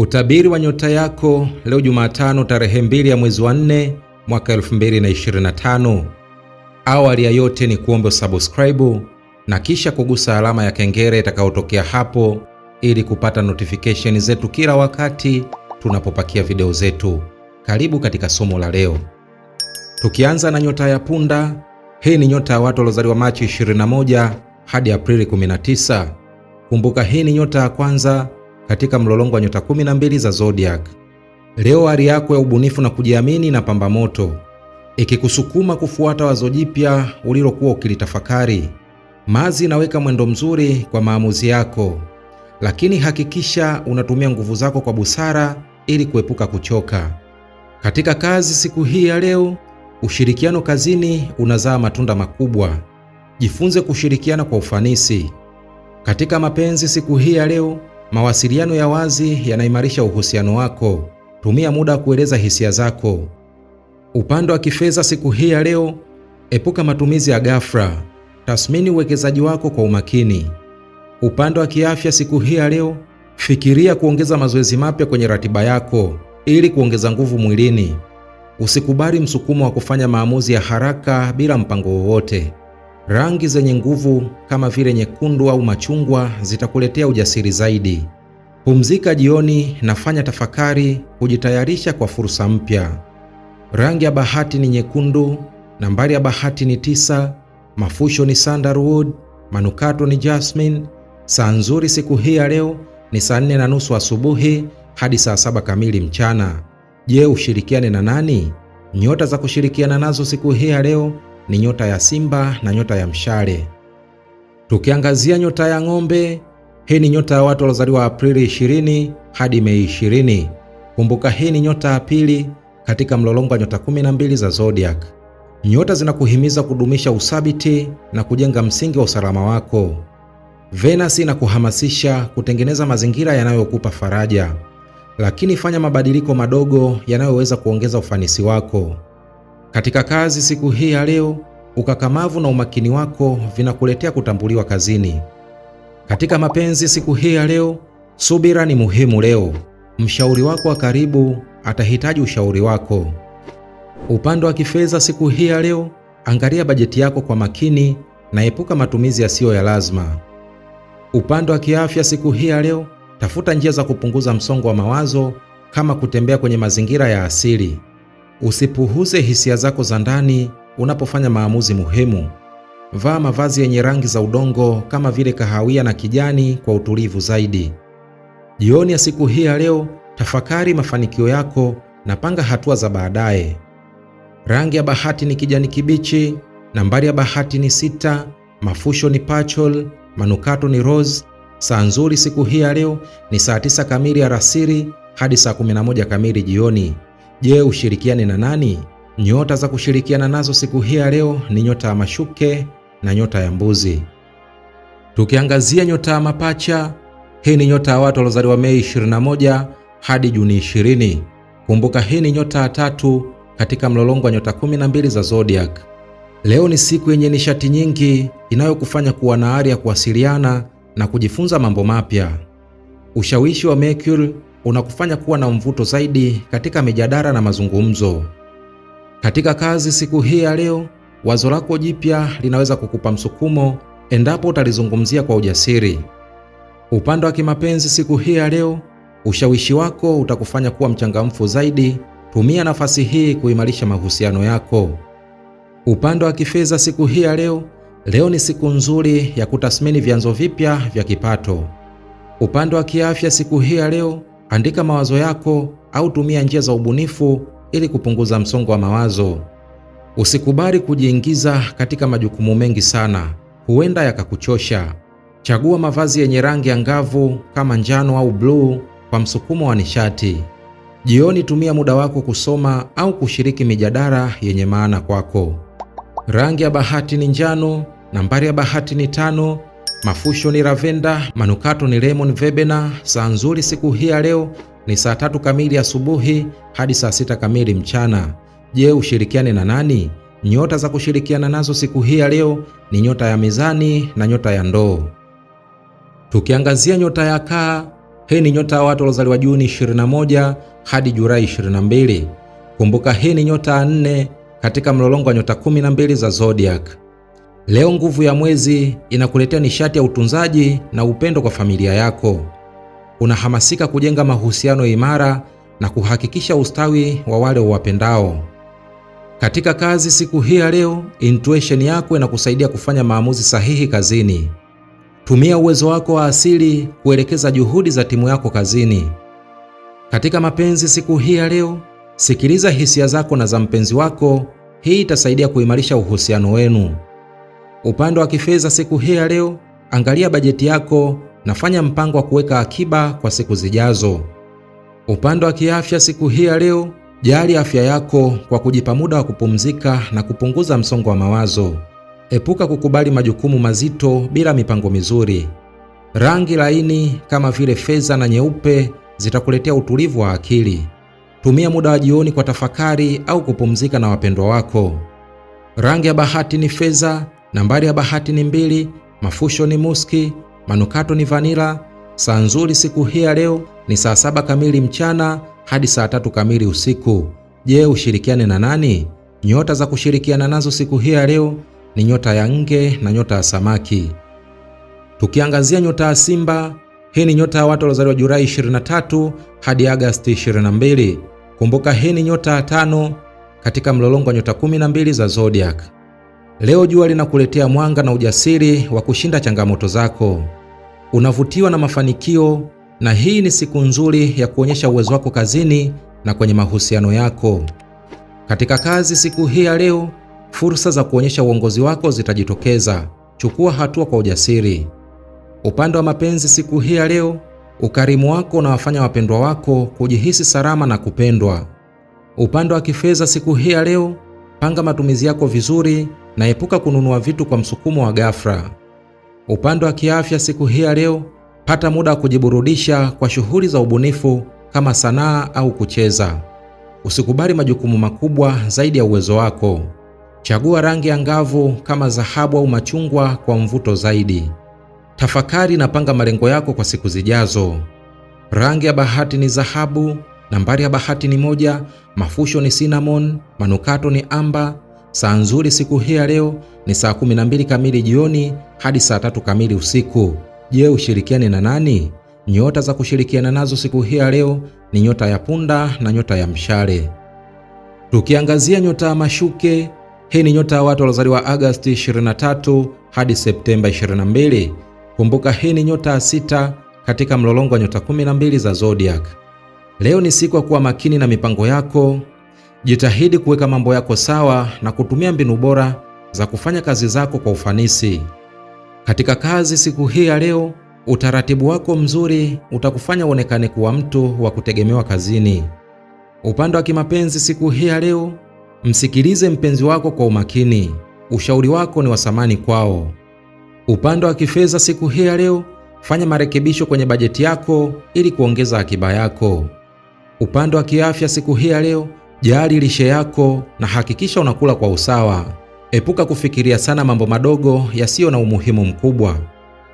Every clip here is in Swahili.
Utabiri wa nyota yako leo Jumatano tarehe mbili ya mwezi wa nne mwaka 2025. Awali ya yote ni kuombe subscribe na kisha kugusa alama ya kengele itakayotokea hapo ili kupata notification zetu kila wakati tunapopakia video zetu. Karibu katika somo la leo, tukianza na nyota ya punda. Hii ni nyota ya watu waliozaliwa Machi 21 hadi Aprili 19. Kumbuka, hii ni nyota ya kwanza katika mlolongo wa nyota 12 za zodiac. Leo ari yako ya ubunifu na kujiamini na pamba moto, ikikusukuma kufuata wazo jipya ulilokuwa ukilitafakari. Mazi inaweka mwendo mzuri kwa maamuzi yako, lakini hakikisha unatumia nguvu zako kwa busara ili kuepuka kuchoka. Katika kazi siku hii ya leo, ushirikiano kazini unazaa matunda makubwa. Jifunze kushirikiana kwa ufanisi. Katika mapenzi siku hii ya leo, Mawasiliano ya wazi yanaimarisha uhusiano wako. Tumia muda wa kueleza hisia zako. Upande wa kifedha siku hii ya leo, epuka matumizi ya ghafla. Tathmini uwekezaji wako kwa umakini. Upande wa kiafya siku hii ya leo, fikiria kuongeza mazoezi mapya kwenye ratiba yako ili kuongeza nguvu mwilini. Usikubali msukumo wa kufanya maamuzi ya haraka bila mpango wowote. Rangi zenye nguvu kama vile nyekundu au machungwa zitakuletea ujasiri zaidi. Pumzika jioni na fanya tafakari kujitayarisha kwa fursa mpya. Rangi ya bahati ni nyekundu, nambari ya bahati ni tisa, mafusho ni sandalwood, manukato ni jasmine. Saa nzuri siku hii ya leo ni saa nne na nusu asubuhi hadi saa saba kamili mchana. Je, ushirikiane na nani? Nyota za kushirikiana nazo siku hii ya leo ni nyota ya simba na nyota ya mshale. Tukiangazia nyota ya ng'ombe, hii ni nyota ya watu waliozaliwa Aprili 20 hadi Mei 20. Kumbuka hii ni nyota ya pili katika mlolongo wa nyota 12 za zodiac. Nyota zinakuhimiza kudumisha usabiti na kujenga msingi wa usalama wako. Venus inakuhamasisha kutengeneza mazingira yanayokupa faraja, lakini fanya mabadiliko madogo yanayoweza kuongeza ufanisi wako. Katika kazi siku hii ya leo, ukakamavu na umakini wako vinakuletea kutambuliwa kazini. Katika mapenzi siku hii ya leo, subira ni muhimu leo. Mshauri wako wa karibu atahitaji ushauri wako. Upande wa kifedha siku hii ya leo, angalia bajeti yako kwa makini na epuka matumizi yasiyo ya lazima. Upande wa kiafya siku hii ya leo, tafuta njia za kupunguza msongo wa mawazo kama kutembea kwenye mazingira ya asili. Usipuuze hisia zako za ndani unapofanya maamuzi muhimu. Vaa mavazi yenye rangi za udongo kama vile kahawia na kijani kwa utulivu zaidi. Jioni ya siku hii ya leo, tafakari mafanikio yako na panga hatua za baadaye. Rangi ya bahati ni kijani kibichi, nambari ya bahati ni sita, mafusho ni pachol, manukato ni rose. Saa nzuri siku hii ya leo ni saa 9 kamili alasiri hadi saa 11 kamili jioni. Je, ushirikiane na nani? Nyota za kushirikiana nazo siku hii ya leo ni nyota ya mashuke na nyota ya mbuzi. Tukiangazia nyota ya mapacha, hii ni nyota ya watu waliozaliwa Mei 21 hadi Juni 20. Kumbuka hii ni nyota ya tatu katika mlolongo wa nyota 12 za zodiac. Leo ni siku yenye nishati nyingi inayokufanya kuwa na ari ya kuwasiliana na kujifunza mambo mapya. Ushawishi wa Mercury unakufanya kuwa na mvuto zaidi katika mijadala na mazungumzo. Katika kazi siku hii ya leo, wazo lako jipya linaweza kukupa msukumo endapo utalizungumzia kwa ujasiri. Upande wa kimapenzi siku hii ya leo, ushawishi wako utakufanya kuwa mchangamfu zaidi. Tumia nafasi hii kuimarisha mahusiano yako. Upande wa kifedha siku hii ya leo, leo ni siku nzuri ya kutathmini vyanzo vipya vya kipato. Upande wa kiafya siku hii ya leo, Andika mawazo yako au tumia njia za ubunifu ili kupunguza msongo wa mawazo. Usikubali kujiingiza katika majukumu mengi sana, huenda yakakuchosha. Chagua mavazi yenye rangi angavu kama njano au bluu kwa msukumo wa nishati. Jioni tumia muda wako kusoma au kushiriki mijadala yenye maana kwako. Rangi ya bahati ni njano, nambari ya bahati ni tano, Mafusho ni Ravenda, manukato ni Lemon Verbena. Saa nzuri siku hii ya leo ni saa tatu kamili asubuhi hadi saa sita kamili mchana. Je, ushirikiane na nani? Nyota za kushirikiana nazo siku hii ya leo ni nyota ya mezani na nyota ya ndoo. Tukiangazia nyota ya kaa, hii ni nyota ya watu waliozaliwa Juni 21 hadi Julai 22. Kumbuka hii ni nyota ya nne katika mlolongo wa nyota 12 za zodiac. Leo Nguvu ya Mwezi inakuletea nishati ya utunzaji na upendo kwa familia yako. Unahamasika kujenga mahusiano imara na kuhakikisha ustawi wa wale uwapendao. Katika kazi siku hii ya leo, intuition yako inakusaidia kufanya maamuzi sahihi kazini. Tumia uwezo wako wa asili kuelekeza juhudi za timu yako kazini. Katika mapenzi siku hii ya leo, sikiliza hisia zako na za mpenzi wako. Hii itasaidia kuimarisha uhusiano wenu. Upande wa kifedha siku hii ya leo, angalia bajeti yako na fanya mpango wa kuweka akiba kwa siku zijazo. Upande wa kiafya siku hii ya leo, jali afya yako kwa kujipa muda wa kupumzika na kupunguza msongo wa mawazo. Epuka kukubali majukumu mazito bila mipango mizuri. Rangi laini kama vile fedha na nyeupe zitakuletea utulivu wa akili. Tumia muda wa jioni kwa tafakari au kupumzika na wapendwa wako. Rangi ya bahati ni fedha Nambari ya bahati ni mbili, mafusho ni muski, manukato ni vanila. Saa nzuri siku hii ya leo ni saa saba kamili mchana hadi saa tatu kamili usiku. Je, ushirikiane na nani? Nyota za kushirikiana nazo siku hii ya leo ni nyota ya nge na nyota ya samaki. Tukiangazia nyota ya Simba, hii ni nyota ya watu waliozaliwa Julai 23 hadi Agasti 22. Kumbuka hii ni nyota ya tano katika mlolongo wa nyota 12 za zodiac. Leo jua linakuletea mwanga na ujasiri wa kushinda changamoto zako. Unavutiwa na mafanikio, na hii ni siku nzuri ya kuonyesha uwezo wako kazini na kwenye mahusiano yako. Katika kazi siku hii ya leo, fursa za kuonyesha uongozi wako zitajitokeza. Chukua hatua kwa ujasiri. Upande wa mapenzi siku hii ya leo, ukarimu wako unawafanya wapendwa wako kujihisi salama na kupendwa. Upande wa kifedha siku hii ya leo, panga matumizi yako vizuri epuka kununua vitu kwa msukumo wa ghafla. Upande wa kiafya, siku hii ya leo, pata muda wa kujiburudisha kwa shughuli za ubunifu kama sanaa au kucheza. Usikubali majukumu makubwa zaidi ya uwezo wako. Chagua rangi angavu kama dhahabu au machungwa kwa mvuto zaidi. Tafakari na panga malengo yako kwa siku zijazo. Rangi ya bahati ni dhahabu, nambari ya bahati ni moja, mafusho ni cinnamon, manukato ni amba, Saa nzuri siku hii ya leo ni saa 12 kamili jioni hadi saa tatu kamili usiku. Je, ushirikiane na nani? Nyota za kushirikiana nazo siku hii ya leo ni nyota ya punda na nyota ya mshale. Tukiangazia nyota ya mashuke, hii ni nyota ya watu waliozaliwa Agosti 23 hadi Septemba 22. Kumbuka hii ni nyota ya sita katika mlolongo wa nyota 12 za zodiac. Leo ni siku ya kuwa makini na mipango yako, Jitahidi kuweka mambo yako sawa na kutumia mbinu bora za kufanya kazi zako kwa ufanisi. Katika kazi siku hii ya leo, utaratibu wako mzuri utakufanya uonekane kuwa mtu wa kutegemewa kazini. Upande wa kimapenzi siku hii ya leo, msikilize mpenzi wako kwa umakini. Ushauri wako ni wa thamani kwao. Upande wa kifedha siku hii ya leo, fanya marekebisho kwenye bajeti yako ili kuongeza akiba yako. Upande wa kiafya siku hii ya leo, Jali lishe yako na hakikisha unakula kwa usawa. Epuka kufikiria sana mambo madogo yasiyo na umuhimu mkubwa.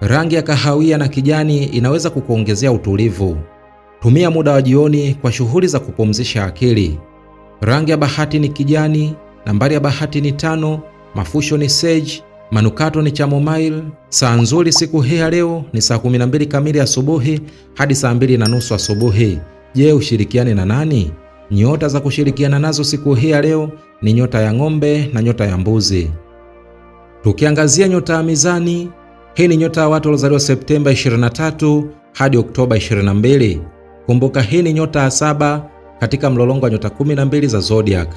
Rangi ya kahawia na kijani inaweza kukuongezea utulivu. Tumia muda wa jioni kwa shughuli za kupumzisha akili. Rangi ya bahati ni kijani, nambari ya bahati ni tano, mafusho ni sage, manukato ni chamomile. Saa nzuri siku hii ya leo ni saa 12 kamili asubuhi hadi saa 2 na nusu asubuhi. Je, ushirikiane na nani? Nyota za kushirikiana nazo siku hii ya leo ni nyota ya ng'ombe na nyota ya mbuzi. Tukiangazia nyota ya mizani, hii ni nyota ya watu waliozaliwa Septemba 23 hadi Oktoba 22. Kumbuka hii ni nyota ya saba katika mlolongo wa nyota 12 za zodiac.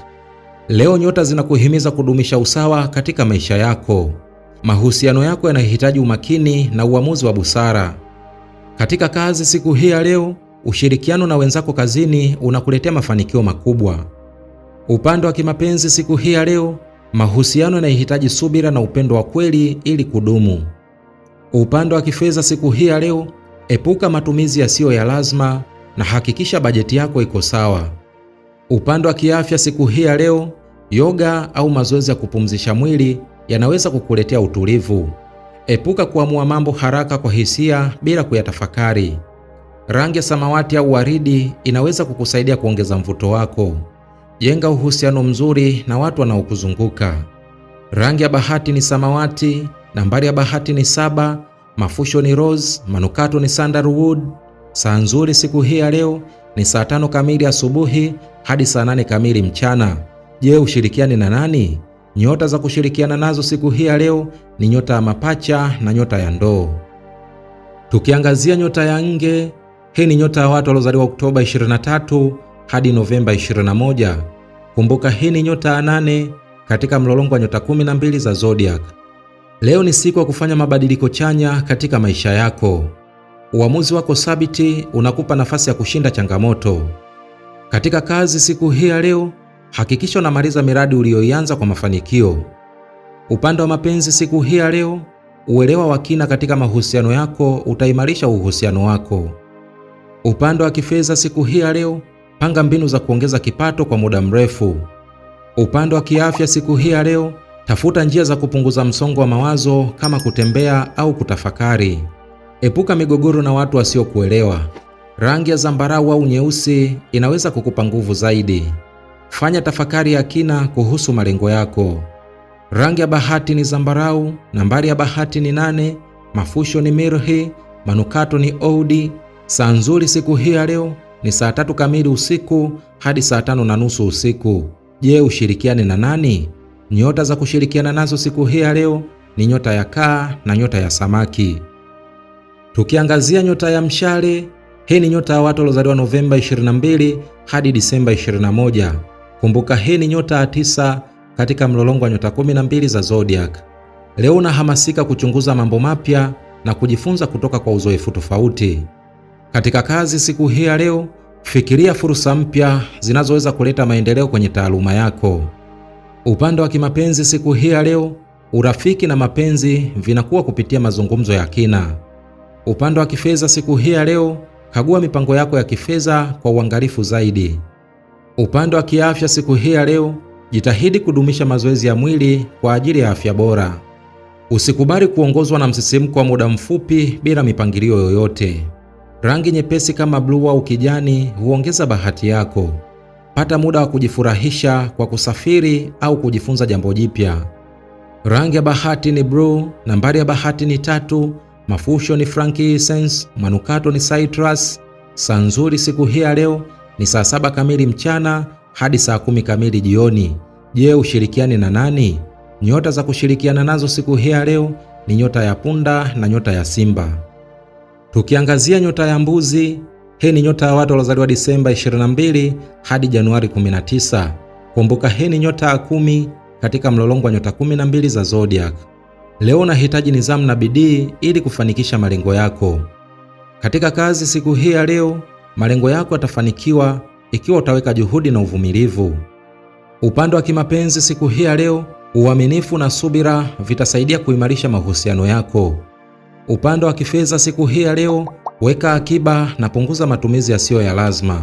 Leo nyota zinakuhimiza kudumisha usawa katika maisha yako. Mahusiano yako yanahitaji umakini na uamuzi wa busara. Katika kazi siku hii ya leo ushirikiano na wenzako kazini unakuletea mafanikio makubwa. Upande wa kimapenzi siku hii ya leo, mahusiano yanahitaji subira na upendo wa kweli ili kudumu. Upande wa kifedha siku hii ya leo, epuka matumizi yasiyo ya lazima na hakikisha bajeti yako iko sawa. Upande wa kiafya siku hii ya leo, yoga au mazoezi ya kupumzisha mwili yanaweza kukuletea utulivu. Epuka kuamua mambo haraka kwa hisia bila kuyatafakari. Rangi ya samawati au waridi inaweza kukusaidia kuongeza mvuto wako. Jenga uhusiano mzuri na watu wanaokuzunguka. Rangi ya bahati ni samawati, nambari ya bahati ni saba, mafusho ni rose, manukato ni sandalwood. Saa nzuri siku hii ya leo ni saa tano kamili asubuhi hadi saa nane kamili mchana. Je, ushirikiani na nani? Nyota za kushirikiana nazo siku hii ya leo ni nyota ya mapacha na nyota ya ndoo. Tukiangazia nyota ya nge hii ni nyota ya watu waliozaliwa Oktoba 23 hadi Novemba 21. Kumbuka hii ni nyota ya nane katika mlolongo wa nyota 12 za zodiac. Leo ni siku ya kufanya mabadiliko chanya katika maisha yako. Uamuzi wako thabiti unakupa nafasi ya kushinda changamoto. Katika kazi siku hii ya leo, hakikisha unamaliza miradi uliyoianza kwa mafanikio. Upande wa mapenzi siku hii ya leo, uelewa wa kina katika mahusiano yako utaimarisha uhusiano wako. Upande wa kifedha siku hii ya leo, panga mbinu za kuongeza kipato kwa muda mrefu. Upande wa kiafya siku hii ya leo, tafuta njia za kupunguza msongo wa mawazo kama kutembea au kutafakari. Epuka migogoro na watu wasiokuelewa. Rangi ya zambarau au nyeusi inaweza kukupa nguvu zaidi. Fanya tafakari ya kina kuhusu malengo yako. Rangi ya bahati ni zambarau, nambari ya bahati ni nane, mafusho ni mirhi, manukato ni oudi, Saa nzuri siku hii ya leo ni saa tatu kamili usiku hadi saa tano na nusu usiku. Je, ushirikiane na nani? Nyota za kushirikiana nazo siku hii ya leo ni nyota ya kaa na nyota ya samaki. Tukiangazia nyota ya mshale, hii ni nyota ya watu waliozaliwa Novemba 22 hadi Disemba 21. Kumbuka hii ni nyota ya tisa katika mlolongo wa nyota 12 za zodiac. Leo unahamasika kuchunguza mambo mapya na kujifunza kutoka kwa uzoefu tofauti. Katika kazi siku hii ya leo, fikiria fursa mpya zinazoweza kuleta maendeleo kwenye taaluma yako. Upande wa kimapenzi siku hii ya leo, urafiki na mapenzi vinakuwa kupitia mazungumzo ya kina. Upande wa kifedha siku hii ya leo, kagua mipango yako ya kifedha kwa uangalifu zaidi. Upande wa kiafya siku hii ya leo, jitahidi kudumisha mazoezi ya mwili kwa ajili ya afya bora. Usikubali kuongozwa na msisimko wa muda mfupi bila mipangilio yoyote. Rangi nyepesi kama bluu au kijani huongeza bahati yako. Pata muda wa kujifurahisha kwa kusafiri au kujifunza jambo jipya. Rangi ya bahati ni bluu, nambari ya bahati ni tatu, mafusho ni frankincense, manukato ni citrus. Saa nzuri siku hii ya leo ni saa saba kamili mchana hadi saa kumi kamili jioni. Je, ushirikiane na nani? Nyota za kushirikiana nazo siku hii ya leo ni nyota ya punda na nyota ya simba. Tukiangazia nyota ya mbuzi, hii ni nyota ya watu waliozaliwa Disemba 22 hadi Januari 19. Kumbuka, hii ni nyota ya kumi katika mlolongo wa nyota 12 za zodiac. Leo unahitaji nidhamu na bidii ili kufanikisha malengo yako. Katika kazi siku hii ya leo, malengo yako yatafanikiwa ikiwa utaweka juhudi na uvumilivu. Upande wa kimapenzi siku hii ya leo, uaminifu na subira vitasaidia kuimarisha mahusiano yako. Upande wa kifedha siku hii ya leo, weka akiba na punguza matumizi yasiyo ya lazima.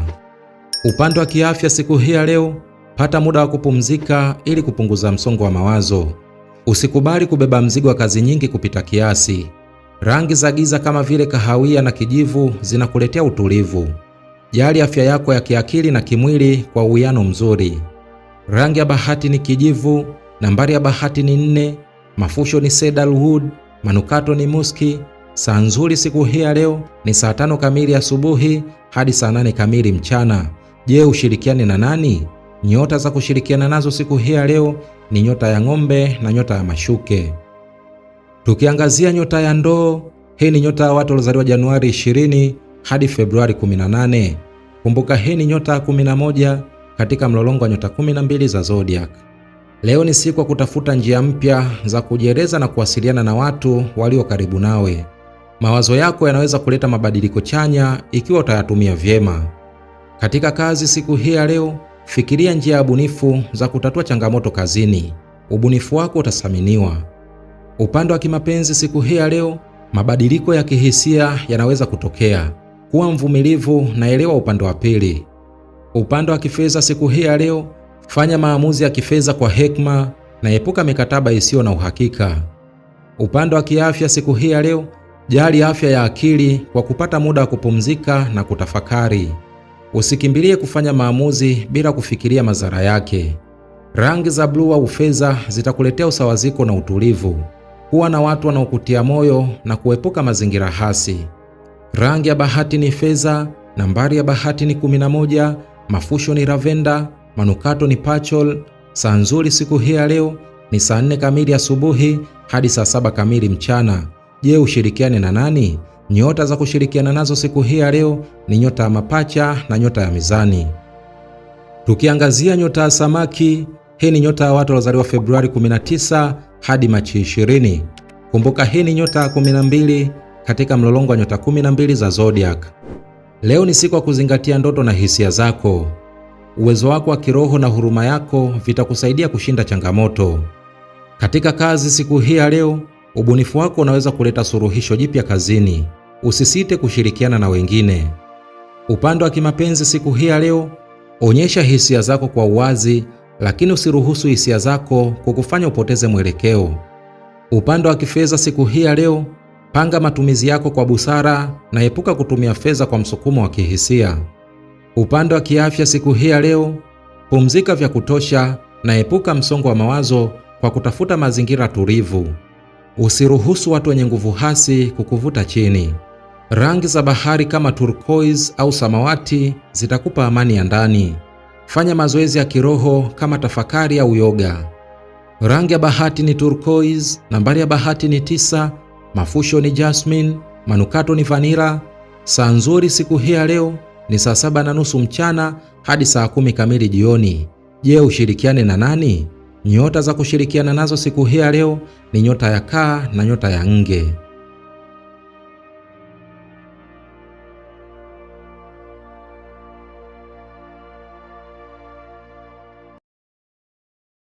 Upande wa kiafya siku hii ya leo, pata muda wa kupumzika ili kupunguza msongo wa mawazo. Usikubali kubeba mzigo wa kazi nyingi kupita kiasi. Rangi za giza kama vile kahawia na kijivu zinakuletea utulivu. Jali afya yako ya kiakili na kimwili kwa uwiano mzuri. Rangi ya bahati ni kijivu. Nambari ya bahati ni nne. Mafusho ni cedarwood. Manukato ni muski. Saa nzuri siku hii ya leo ni saa tano kamili asubuhi hadi saa nane kamili mchana. Je, ushirikiane na nani? Nyota za kushirikiana nazo siku hii ya leo ni nyota ya ng'ombe na nyota ya mashuke. Tukiangazia nyota ya ndoo, hii ni nyota ya watu waliozaliwa Januari 20 hadi Februari 18. Kumbuka hii ni nyota ya 11 katika mlolongo wa nyota 12 za zodiac. Leo ni siku ya kutafuta njia mpya za kujieleza na kuwasiliana na watu walio karibu nawe. Mawazo yako yanaweza kuleta mabadiliko chanya ikiwa utayatumia vyema. Katika kazi siku hii ya leo, fikiria njia ya ubunifu za kutatua changamoto kazini. Ubunifu wako utathaminiwa. Upande wa kimapenzi siku hii ya leo, mabadiliko ya kihisia yanaweza kutokea. Kuwa mvumilivu na elewa upande wa pili. Upande wa kifedha siku hii ya leo, Fanya maamuzi ya kifedha kwa hekma na epuka mikataba isiyo na uhakika. Upande wa kiafya siku hii ya leo, jali afya ya akili kwa kupata muda wa kupumzika na kutafakari. Usikimbilie kufanya maamuzi bila kufikiria madhara yake. Rangi za bluu au fedha zitakuletea usawaziko na utulivu. Kuwa na watu wanaokutia moyo na kuepuka mazingira hasi. Rangi ya bahati ni fedha. Nambari ya bahati ni 11. Mafusho ni lavenda. Manukato ni Pachol. Saa nzuri siku hii ya leo ni saa nne kamili asubuhi hadi saa saba kamili mchana. Je, ushirikiane na nani? Nyota za kushirikiana nazo siku hii ya leo ni nyota ya mapacha na nyota ya mizani. Tukiangazia nyota ya samaki, hii ni nyota ya watu waliozaliwa Februari 19 hadi Machi 20. Kumbuka hii ni nyota ya 12 katika mlolongo wa nyota 12 za zodiac. Leo ni siku ya kuzingatia ndoto na hisia zako uwezo wako wa kiroho na huruma yako vitakusaidia kushinda changamoto. Katika kazi siku hii ya leo, ubunifu wako unaweza kuleta suluhisho jipya kazini. Usisite kushirikiana na wengine. Upande wa kimapenzi siku hii ya leo, onyesha hisia zako kwa uwazi, lakini usiruhusu hisia zako kukufanya upoteze mwelekeo. Upande wa kifedha siku hii ya leo, panga matumizi yako kwa busara na epuka kutumia fedha kwa msukumo wa kihisia. Upande wa kiafya siku hii ya leo, pumzika vya kutosha na epuka msongo wa mawazo kwa kutafuta mazingira tulivu. Usiruhusu watu wenye nguvu hasi kukuvuta chini. Rangi za bahari kama turquoise au samawati zitakupa amani ya ndani. Fanya mazoezi ya kiroho kama tafakari au yoga. Rangi ya bahati ni turquoise, nambari ya bahati ni tisa, mafusho ni jasmine, manukato ni vanira. Saa nzuri siku hii ya leo ni saa saba na nusu mchana hadi saa kumi kamili jioni. Je, ushirikiane na nani? Nyota za kushirikiana nazo siku hii ya leo ni nyota ya kaa na nyota ya nge.